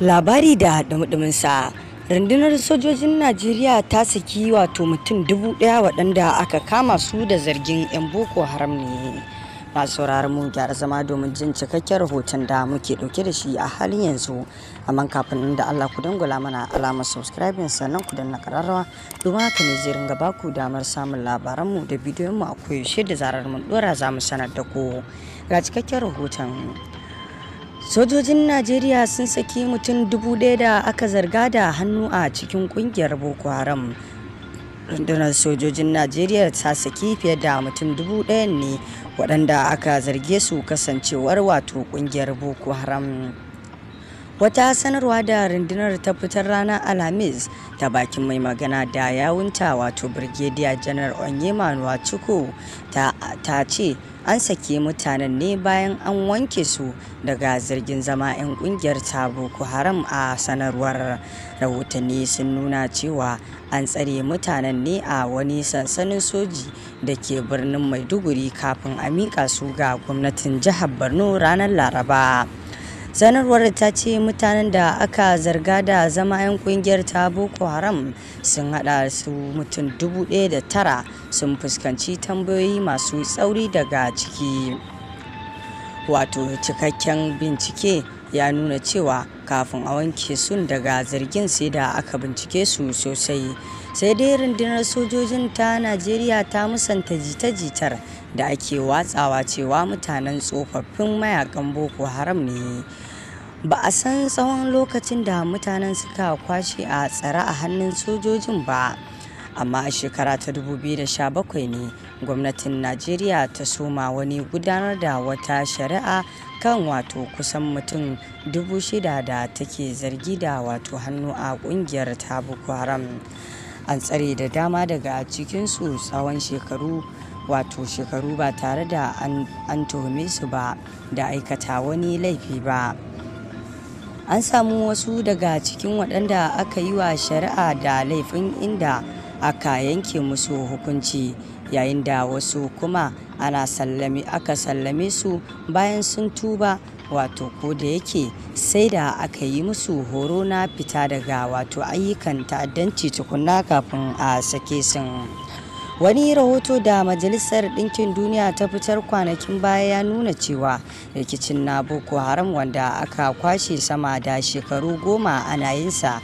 labari da sa rundunar sojojin najeriya ta saki wato mutum dubu daya waɗanda aka kama su da zargin 'yan boko haram ne masu sauraron mu gyara zama domin jin cikakken rahoton da muke dauke da shi a halin yanzu amma kafin da allah ku dangula mana alamar subscribing sannan ku danna kararrawa domin haka ne zai ringa baku damar samun labaranmu da bidiyonmu a koyaushe da zarar mun ɗora za mu sanar da ku ga cikakken rahoton sojojin najeriya sun saki mutum dubu ɗaya da aka zarga da hannu a cikin kungiyar boko haram rundunar sojojin najeriya ta saki fiye da mutum dubu ɗaya ne waɗanda aka zarge su kasancewar wato kungiyar boko haram wata sanarwa da rundunar ta fitar ranar alhamis ta bakin mai magana da yawunta wato brigadier Janar onyema nwachukwu ta ce an sake mutanen ne bayan an wanke su daga zargin zama 'yan kungiyar ta boko haram a sanarwar rahotanni sun nuna cewa an tsare mutanen ne a wani sansanin soji da ke birnin maiduguri kafin a miƙa su ga gwamnatin jihar borno ranar laraba sanarwar ta ce mutanen da aka zarga da zama 'yan kungiyar ta boko haram sun hada su mutum dubu ɗaya da tara sun fuskanci tambayoyi masu tsauri daga ciki wato cikakken bincike ya nuna cewa kafin a wanke sun daga zargin sai da aka bincike su sosai sai dai rundunar sojojin ta najeriya ta musanta jita-jitar da ake watsawa cewa mutanen tsofaffin mayakan boko haram ne ba a san tsawon lokacin da mutanen suka kwashe a tsare a hannun sojojin ba amma a shekara ta 2017 ne gwamnatin najeriya ta soma wani gudanar da wata shari'a kan wato kusan mutum 6,000 da take zargi da wato hannu a kungiyar ta haram an tsare da dama daga cikinsu tsawon shekaru wato shekaru ba tare da an tuhume su ba da aikata wani laifi ba an samu wasu daga cikin waɗanda aka yi wa shari'a da laifin inda aka yanke musu hukunci yayin da wasu kuma ana sallami aka sallame su bayan sun tuba wato ko da yake sai da aka yi musu horo na fita daga wato ayyukan ta'addanci tukunna kafin a sake sun wani rahoto da majalisar ɗinkin duniya ta fitar kwanakin baya ya nuna cewa rikicin na boko haram wanda aka kwashe sama da shekaru goma ana yinsa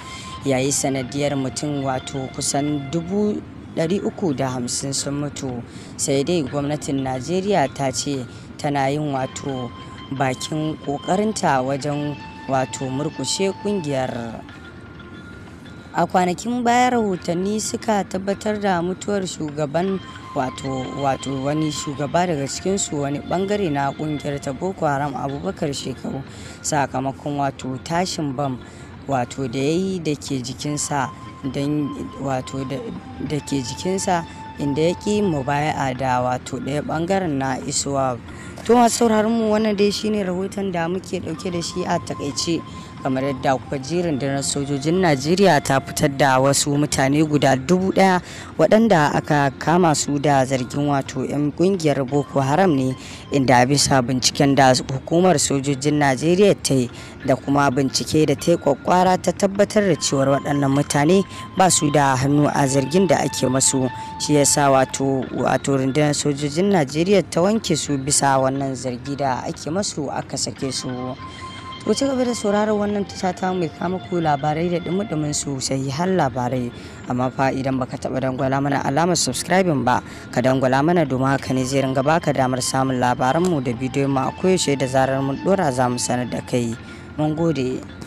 yayi sanadiyar mutum wato kusan dubu 350 sun mutu sai dai gwamnatin najeriya ta ce tana yin wato bakin kokarinta wajen wato murkushe kungiyar a kwanakin baya rahotanni suka tabbatar da mutuwar shugaban wato wato wani shugaba daga cikinsu wani bangare na kungiyar ta boko haram abubakar shekaru sakamakon wato tashin bam wato da ya yi da ke jikinsa wato da ke jikinsa inda ya mubaya'a da wato ɗaya ɓangaren na isuwa to masu sauraron mu wannan dai shine rahoton da muke ɗauke da shi a takaice kamar yadda kuka ji rundunar sojojin najeriya ta fitar da wasu mutane guda dubu daya waɗanda aka kama su da zargin wato 'yan kungiyar boko haram ne inda bisa binciken da hukumar sojojin najeriya ta yi da kuma bincike da ta yi kwakwara ta tabbatar da cewar waɗannan mutane ba su da hannu a zargin da ake masu shi yasa wato wato rundunar sojojin najeriya ta wanke su bisa wannan zargi da ake masu aka sake su Ku ci gaba da sauraron wannan tasha ta mai kama ku labarai da dumudumin su sai har labarai. Amma fa idan baka taba dangwala mana alamar subscribing ba, ka dangwala mana domin haka ne zai ringa baka damar samun labaran mu da bidiyon mu a koyaushe da zarar mun dora za mu sanar da kai. Mun gode.